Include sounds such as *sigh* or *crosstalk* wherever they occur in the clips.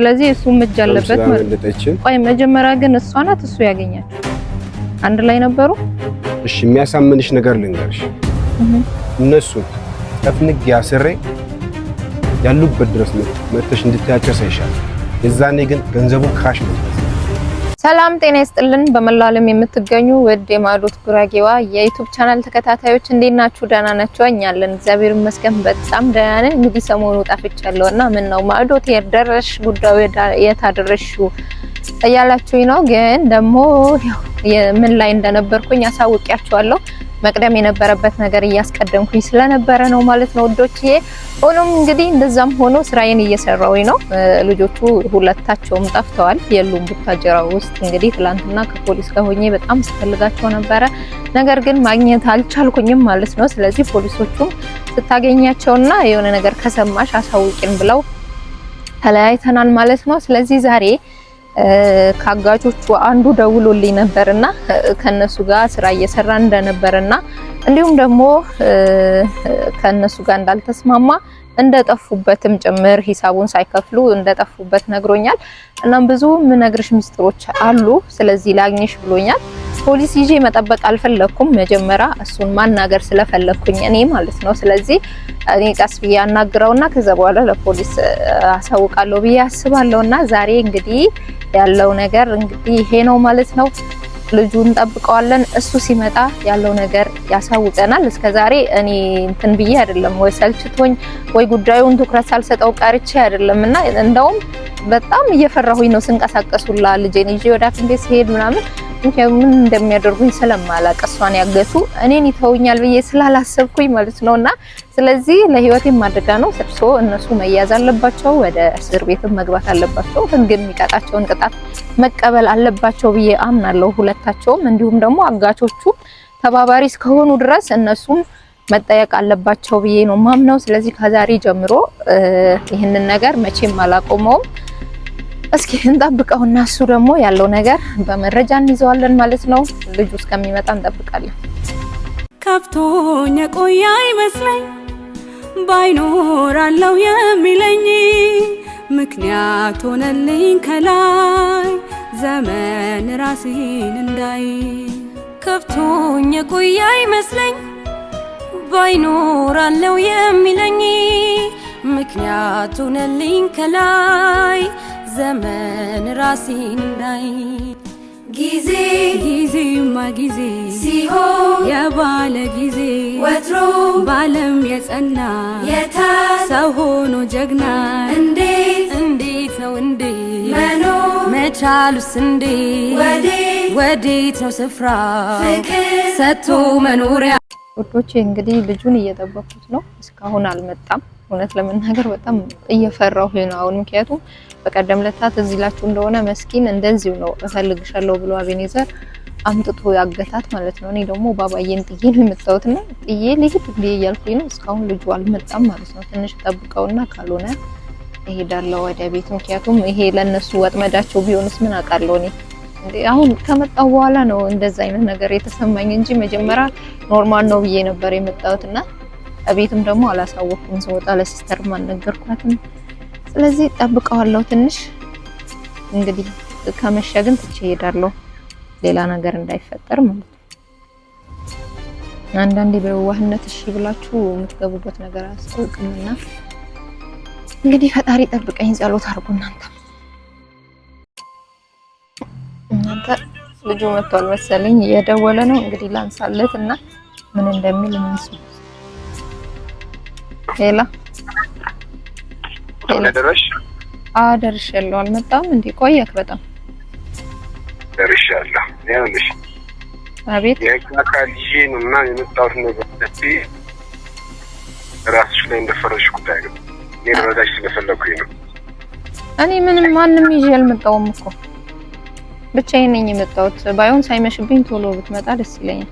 ስለዚህ እሱም እጅ አለበት ማለት ነው። ቆይ መጀመሪያ ግን እሷ ናት እሱ ያገኛቸው አንድ ላይ ነበሩ። እሺ የሚያሳምንሽ ነገር ልንገርሽ። እነሱን ጠፍንግ ያስሬ ያሉበት ድረስ መተሽ እንድታያቸው ሳይሻል የዛኔ ግን ገንዘቡ ካሽ ነው ሰላም ጤና ይስጥልን። በመላው ዓለም የምትገኙ ውድ የማዕዶት ጉራጌዋ የዩቲዩብ ቻናል ተከታታዮች እንዴት ናችሁ? ደህና ናችሁ? እኛ አለን እግዚአብሔር ይመስገን በጣም ደህና ነን። እንግዲህ ሰሞኑ ጠፍቻለሁ እና ምን ነው ማዕዶት የደረሽ ጉዳዩ የታደረሹ እያላችሁኝ ነው። ግን ደግሞ ምን ላይ እንደነበርኩኝ አሳውቂያችኋለሁ። መቅደም የነበረበት ነገር እያስቀደምኩኝ ስለነበረ ነው ማለት ነው ውዶችዬ። ሆኖም እንግዲህ እንደዛም ሆኖ ስራዬን እየሰራው ነው። ልጆቹ ሁለታቸውም ጠፍተዋል፣ የሉም ቡታጀራ ውስጥ። እንግዲህ ትላንትና ከፖሊስ ጋር ሆኜ በጣም ስፈልጋቸው ነበረ፣ ነገር ግን ማግኘት አልቻልኩኝም ማለት ነው። ስለዚህ ፖሊሶቹም ስታገኛቸውና የሆነ ነገር ከሰማሽ አሳውቂን ብለው ተለያይተናል ማለት ነው። ስለዚህ ዛሬ ከአጋቾቹ አንዱ ደውሎልኝ ነበርና ከነሱ ጋር ስራ እየሰራ እንደነበርና እንዲሁም ደግሞ ከነሱ ጋር እንዳልተስማማ እንደጠፉበትም ጭምር ሂሳቡን ሳይከፍሉ እንደጠፉበት ነግሮኛል። እናም ብዙ ምነግርሽ ምስጢሮች አሉ። ስለዚህ ላግኝሽ ብሎኛል። ፖሊስ ይዤ መጠበቅ አልፈለኩም። መጀመሪያ እሱን ማናገር ስለፈለኩኝ እኔ ማለት ነው። ስለዚህ እኔ ቀስ ብዬ አናግረውና ከዛ በኋላ ለፖሊስ አሳውቃለሁ ብዬ አስባለሁና ዛሬ እንግዲህ ያለው ነገር እንግዲህ ይሄ ነው ማለት ነው። ልጁ እንጠብቀዋለን። እሱ ሲመጣ ያለው ነገር ያሳውቀናል። እስከ ዛሬ እኔ እንትን ብዬ አይደለም ወይ ሰልችቶኝ ወይ ጉዳዩን ትኩረት ሳልሰጠው ቀርቼ አይደለም እና እንደውም በጣም እየፈራሁኝ ነው ስንቀሳቀሱላ ልጄን ይዤ ወዳት እንዴት ሲሄድ ምናምን ምክንያቱም ምን እንደሚያደርጉኝ ስለማላቅ እሷን ያገቱ እኔን ይተውኛል ብዬ ስላላሰብኩኝ ማለት ነው። እና ስለዚህ ለህይወቴም አደጋ ነው። ስብሶ እነሱ መያዝ አለባቸው፣ ወደ እስር ቤትም መግባት አለባቸው፣ ህግ የሚቀጣቸውን ቅጣት መቀበል አለባቸው ብዬ አምናለሁ። ሁለታቸውም እንዲሁም ደግሞ አጋቾቹ ተባባሪ እስከሆኑ ድረስ እነሱም መጠየቅ አለባቸው ብዬ ነው ማምነው። ስለዚህ ከዛሬ ጀምሮ ይህንን ነገር መቼም አላቆመውም። እስኪ እና እሱ ደግሞ ያለው ነገር በመረጃ እንይዘዋለን ማለት ነው። ልጁ እስከሚመጣ እንጠብቃለን። ከፍቶኝ የቆየ አይመስለኝ ባይኖር አለው የሚለኝ ምክንያት ሆነልኝ ከላይ ዘመን ራስህን እንዳይ ከፍቶኝ የቆየ አይመስለኝ ባይኖር አለው የሚለኝ ምክንያት ሆነልኝ ከላይ ዘመን ራሴ እንዳይ ጊዜ ጊዜማ ጊዜ ሲሆን የባለ ጊዜ ወትሮ ባለም የጸና የተ ሰው ሆኖ ጀግና እንዴት እንዴት ነው እንዴ መኖር መቻሉስ እንዴት ወዴት ወዴት ነው ስፍራ ፍቅር ሰጥቶ መኖሪያ ወዶቼ እንግዲህ ልጁን እየጠበኩት ነው። እስካሁን አልመጣም። እውነት ለመናገር በጣም እየፈራሁ ነው አሁን። ምክንያቱም በቀደም ለታት እዚህ እንደሆነ መስኪን እንደዚሁ ነው እፈልግሻለሁ ብሎ አቤኔዘር አምጥቶ ያገታት ማለት ነው። እኔ ደግሞ ባባዬን ጥዬ ነው የመጣሁት እና ጥዬ ልሂድ ብዬ እያልኩኝ ነው። እስካሁን ልጁ አልመጣም ማለት ነው። ትንሽ ጠብቀውና ካልሆነ እሄዳለሁ ወደ ቤት። ምክንያቱም ይሄ ለእነሱ ወጥመዳቸው ቢሆንስ ምን አውቃለሁ እኔ አሁን ከመጣው በኋላ ነው እንደዛ አይነት ነገር የተሰማኝ እንጂ መጀመሪያ ኖርማል ነው ብዬ ነበር የመጣሁት እና እቤትም ደግሞ አላሳወኩም። ስወጣ ለሲስተርም አልነገርኳትም። ስለዚህ ጠብቀዋለሁ ትንሽ እንግዲህ ከመሸ ግን ትቼ እሄዳለሁ። ሌላ ነገር እንዳይፈጠር ማለት ነው። አንዳንዴ በዋህነት እሺ ብላችሁ የምትገቡበት ነገር አያስታውቅምና እንግዲህ ፈጣሪ ጠብቀኝ ጸሎት አድርጉ። እናንተ እናንተ ልጁ መጥቷል መሰለኝ እየደወለ ነው። እንግዲህ ላንሳለት እና ምን እንደሚል እንስማ። ሌላ ደረሽ? አዎ ደርሻለሁ። አልመጣም እንዴ? ቆየክ በጣም ደርሻለሁ። ይኸውልሽ አቤት የካካል ይሄን እና የመጣሁት ነገር ላይ እንደፈረሽ ጉዳይ ነው። እኔ ልረዳሽ ስለፈለኩኝ ነው። እኔ ምንም ማንም ይዤ አልመጣሁም እኮ ብቻዬን ነኝ የመጣሁት። ባይሆን ሳይመሽብኝ ቶሎ ብትመጣ ደስ ይለኛል።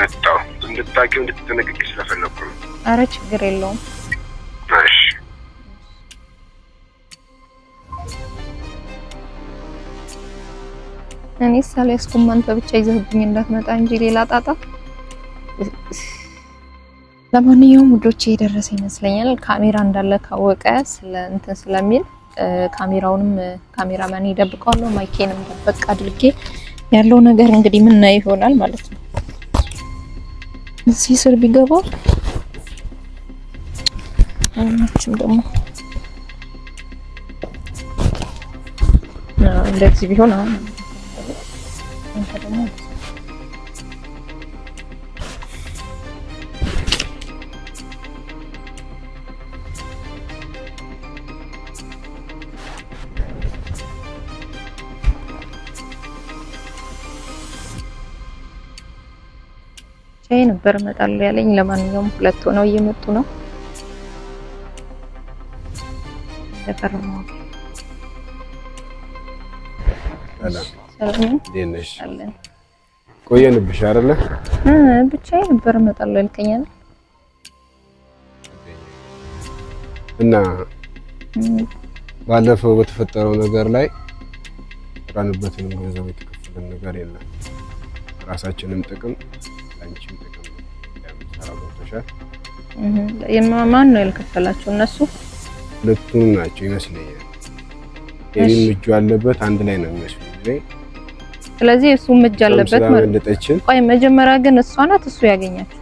መጣሁ እንድታውቂው እንድትጠነቅቂ ስለፈለኩ ነው። አረ ችግር የለውም። እኔ ሳልያዝኩም አንተ ብቻ ይዘህብኝ እንዳትመጣ እንጂ ሌላ ጣጣ። ለማንኛውም ውዶቼ የደረሰ ይመስለኛል። ካሜራ እንዳለ ካወቀ ስለ እንትን ስለሚል ካሜራውንም ካሜራማን ይደብቀዋለሁ፣ ማይኬንም ደበቅ አድርጌ ያለው ነገር እንግዲህ ምናየው ይሆናል ማለት ነው። እዚህ ስር ቢገባው እንደዚህ ቢሆን አሁን ሻይ ነበር እመጣለሁ ያለኝ። ለማንኛውም ሁለት ሆነው እየመጡ ነው። ሰፈር ነው። ቆየንብሽ አይደለ? ብቻ ነበር እመጣለሁ ያልከኝ እና ባለፈው በተፈጠረው ነገር ላይ ራንበትንም ገንዘብ የተከፈለን ነገር የለም። ራሳችንም ጥቅም አንቺም ጥቅም ያምታራው ማን ነው ያልከፈላቸው እነሱ? ሁለቱም ናቸው ይመስለኛል። የኔም እጁ አለበት አንድ ላይ ነው የሚመስለኝ። ስለዚህ እሱም እጅ አለበት ማለት ነው። ቆይ መጀመሪያ ግን እሷ ናት እሱ ያገኛት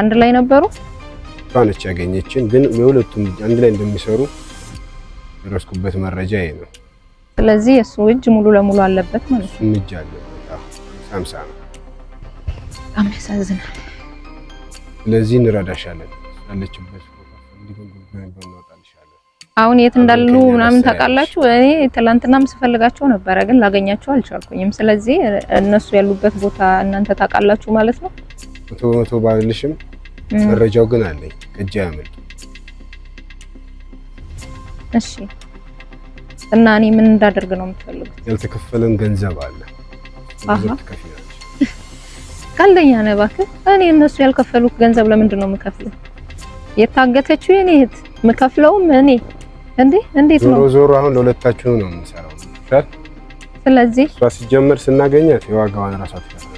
አንድ ላይ ነበሩ። እሷ ነች ያገኘችን፣ ግን የሁለቱም አንድ ላይ እንደሚሰሩ የደረስኩበት መረጃ ይሄ ነው። ስለዚህ እሱ እጅ ሙሉ ለሙሉ አለበት ማለት ነው። እጅ አለበት ሳምሳ ነው። በጣም ያሳዝናል። ስለዚህ እንረዳሻለን ያለችበት አሁን የት እንዳሉ ምናምን ታውቃላችሁ? እኔ ትላንትናም ስፈልጋቸው ነበረ፣ ግን ላገኛቸው አልቻልኩኝም። ስለዚህ እነሱ ያሉበት ቦታ እናንተ ታውቃላችሁ ማለት ነው። መቶ በመቶ ባልልሽም መረጃው ግን አለኝ። ቅጃ ያመል እሺ። እና እኔ ምን እንዳደርግ ነው የምትፈልጉት? ያልተከፈለን ገንዘብ አለ። ቀልደኛ *laughs* ነህ እባክህ። እኔ እነሱ ያልከፈሉት ገንዘብ ለምንድን ነው የምከፍለው? የታገተችው የኔ እህት የምከፍለውም እኔ እንዴ እንዴት ነው? ዞሮ ዞሮ አሁን ለሁለታችሁ ነው የምንሰራው። ስለዚህ እሷ ሲጀመር ስናገኛት የዋጋዋን ራሷ ትከፍላለች።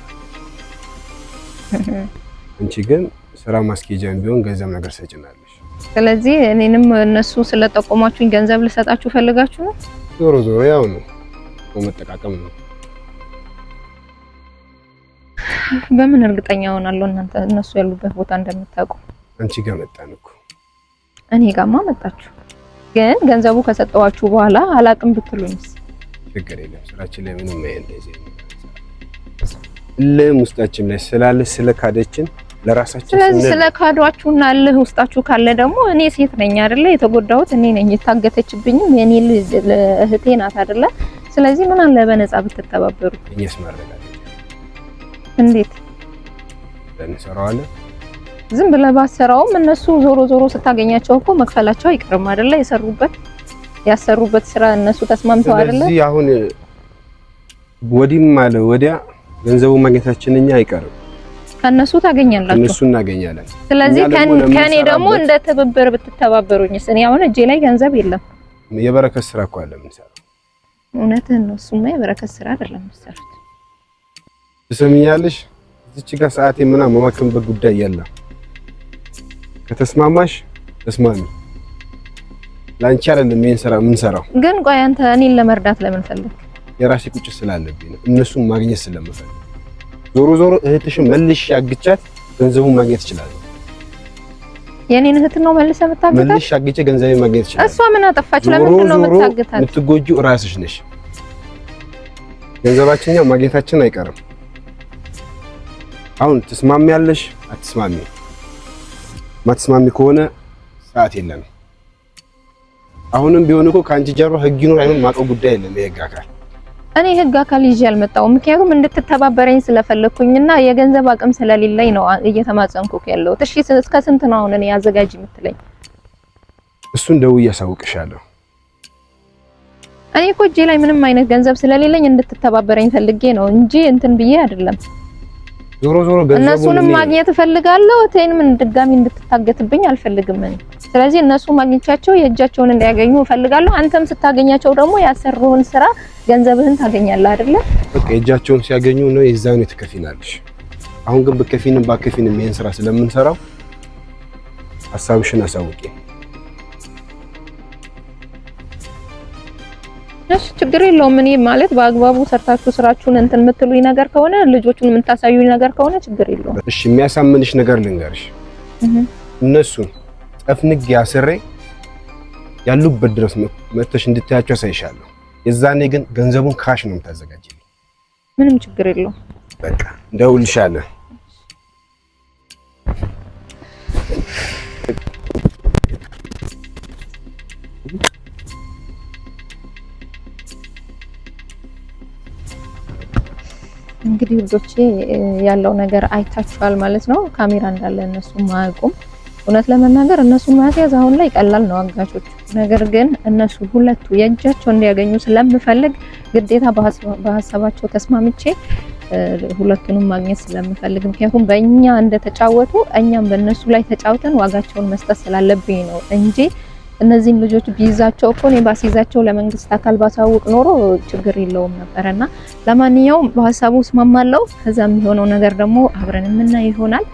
*laughs* አንቺ ግን ስራ ማስኬጃን ቢሆን ገንዘብ ነገር ሰጭናለሽ። ስለዚህ እኔንም እነሱ ስለጠቆማችሁኝ ገንዘብ ልሰጣችሁ ፈልጋችሁ ነው? ዞሮ ዞሮ ያው ነው መጠቃቀም ነው። በምን እርግጠኛ ሆናለሁ እናንተ እነሱ ያሉበት ቦታ እንደምታውቁ? አንቺ ጋር መጣን እኮ እኔ ጋማ መጣችሁ። ግን ገንዘቡ ከሰጠዋችሁ በኋላ አላቅም ብትሉኝስ? ችግር የለም ስራችን ላይ ምንም አይለዚህ እልህም ውስጣችን ላይ ስላለ ስለካደችን ለራሳችን ስለዚህ ስለካዷችሁና እልህ ውስጣችሁ ካለ ደግሞ እኔ ሴት ነኝ አይደለ? የተጎዳሁት እኔ ነኝ። የታገተችብኝም የኔ እህቴ ናት አይደለ? ስለዚህ ምን አለ በነፃ ብትተባበሩ። እኛስ ማረጋገጥ እንዴት እንሰራዋለን? ዝም ብለህ ባሰራውም እነሱ ዞሮ ዞሮ ስታገኛቸው እኮ መክፈላቸው አይቀርም አይደለ? የሰሩበት ያሰሩበት ስራ እነሱ ተስማምተው አይደለ? ስለዚህ አሁን ወዲህም አለ ወዲያ ገንዘቡ ማግኘታችን እኛ አይቀርም። ከነሱ ታገኛላችሁ፣ ከነሱ እናገኛለን። ስለዚህ ከኔ ደግሞ እንደ ትብብር ብትተባበሩኝስ? እኔ አሁን እጄ ላይ ገንዘብ የለም። የበረከት ስራ እኮ አለ የምንሰራው። እውነትህን ነው። እሱማ የበረከት ስራ አይደለም የምትሰሩት። ትሰሚኛለሽ? እዚች ጋር ሰዓቴ ምናምን መማከምበት ጉዳይ የለም። ከተስማማሽ ተስማሚ። ላንቺ አይደለም ይሄን ስራ የምንሰራው። ግን ቆይ አንተ እኔን ለመርዳት ለምን ፈለግ? የራሴ ቁጭት ስላለብኝ እነሱን ማግኘት ስለምፈልግ። ዞሮ ዞሮ እህትሽን መልሽ አግቻት ገንዘቡን ማግኘት ይችላል። የኔን እህት ነው መልሰ የምታግታት? መልሽ አግቼ ገንዘቤ ማግኘት ይችላል። እሷ ምን አጠፋች? ለምንድን ነው የምታግታት? የምትጎጂው ራስሽ ነሽ። ገንዘባችን ማግኘታችን አይቀርም። አሁን ትስማሚያለሽ አትስማሚ? ማትስማሚ ከሆነ ሰዓት የለም አሁንም ቢሆን እኮ ከአንቺ ጀርባ ህግ ይኖር አይሆን ማውቀው ጉዳይ የለም። የህግ አካል እኔ ህግ አካል ይዤ አልመጣሁም። ምክንያቱም እንድትተባበረኝ ስለፈለኩኝና የገንዘብ አቅም ስለሌለኝ ነው እየተማጸንኩ ያለሁት። እሺ እስከ ስንት ነው አሁን እኔ አዘጋጅ የምትለኝ? እሱን ደውዬ አሳውቅሻለሁ። እኔ እኮ እጄ ላይ ምንም አይነት ገንዘብ ስለሌለኝ እንድትተባበረኝ ፈልጌ ነው እንጂ እንትን ብዬ አይደለም። ዞሮ ዞሮ እነሱንም ማግኘት እፈልጋለሁ። እቴንም ድጋሚ እንድትታገትብኝ አልፈልግም። ስለዚህ እነሱ ማግኘቻቸው የእጃቸውን እንዲያገኙ እፈልጋለሁ። አንተም ስታገኛቸው ደግሞ ያሰሩህን ስራ ገንዘብህን ታገኛለህ አይደለ? በቃ የእጃቸውን ሲያገኙ ነው የዛኑ ትከፊናለሽ። አሁን ግን በከፊንም ባከፊንም ይሄን ስራ ስለምንሰራው ሀሳብሽን አሳውቂ። እሺ ችግር የለውም። እኔ ማለት በአግባቡ ሰርታችሁ ስራችሁን እንትን የምትሉኝ ነገር ከሆነ ልጆቹን የምታሳዩኝ ነገር ከሆነ ችግር የለውም። እሺ የሚያሳምንሽ ነገር ልንገርሽ። እነሱን ጠፍንግ ያስሬ ያሉበት ድረስ መጥተሽ እንድታያቸው ያሳይሻለሁ። የዛኔ ግን ገንዘቡን ካሽ ነው የምታዘጋጅ። ምንም ችግር የለውም። በቃ እንደውልሻለሁ። Thank እንግዲህ ልጆቼ ያለው ነገር አይታችኋል ማለት ነው። ካሜራ እንዳለ እነሱ ማያውቁም። እውነት ለመናገር እነሱን ማስያዝ አሁን ላይ ቀላል ነው አጋቾች። ነገር ግን እነሱ ሁለቱ የእጃቸው እንዲያገኙ ስለምፈልግ ግዴታ በሀሳባቸው ተስማምቼ ሁለቱንም ማግኘት ስለምፈልግ፣ ምክንያቱም በእኛ እንደተጫወቱ እኛም በእነሱ ላይ ተጫውተን ዋጋቸውን መስጠት ስላለብኝ ነው እንጂ እነዚህን ልጆች ቢይዛቸው እኮ እኔ ባስይዛቸው ለመንግስት አካል ባሳውቅ ኖሮ ችግር የለውም ነበረና፣ ለማንኛውም በሀሳቡ እስማማለሁ። ከዛ የሚሆነው ነገር ደግሞ አብረን የምናይ ይሆናል።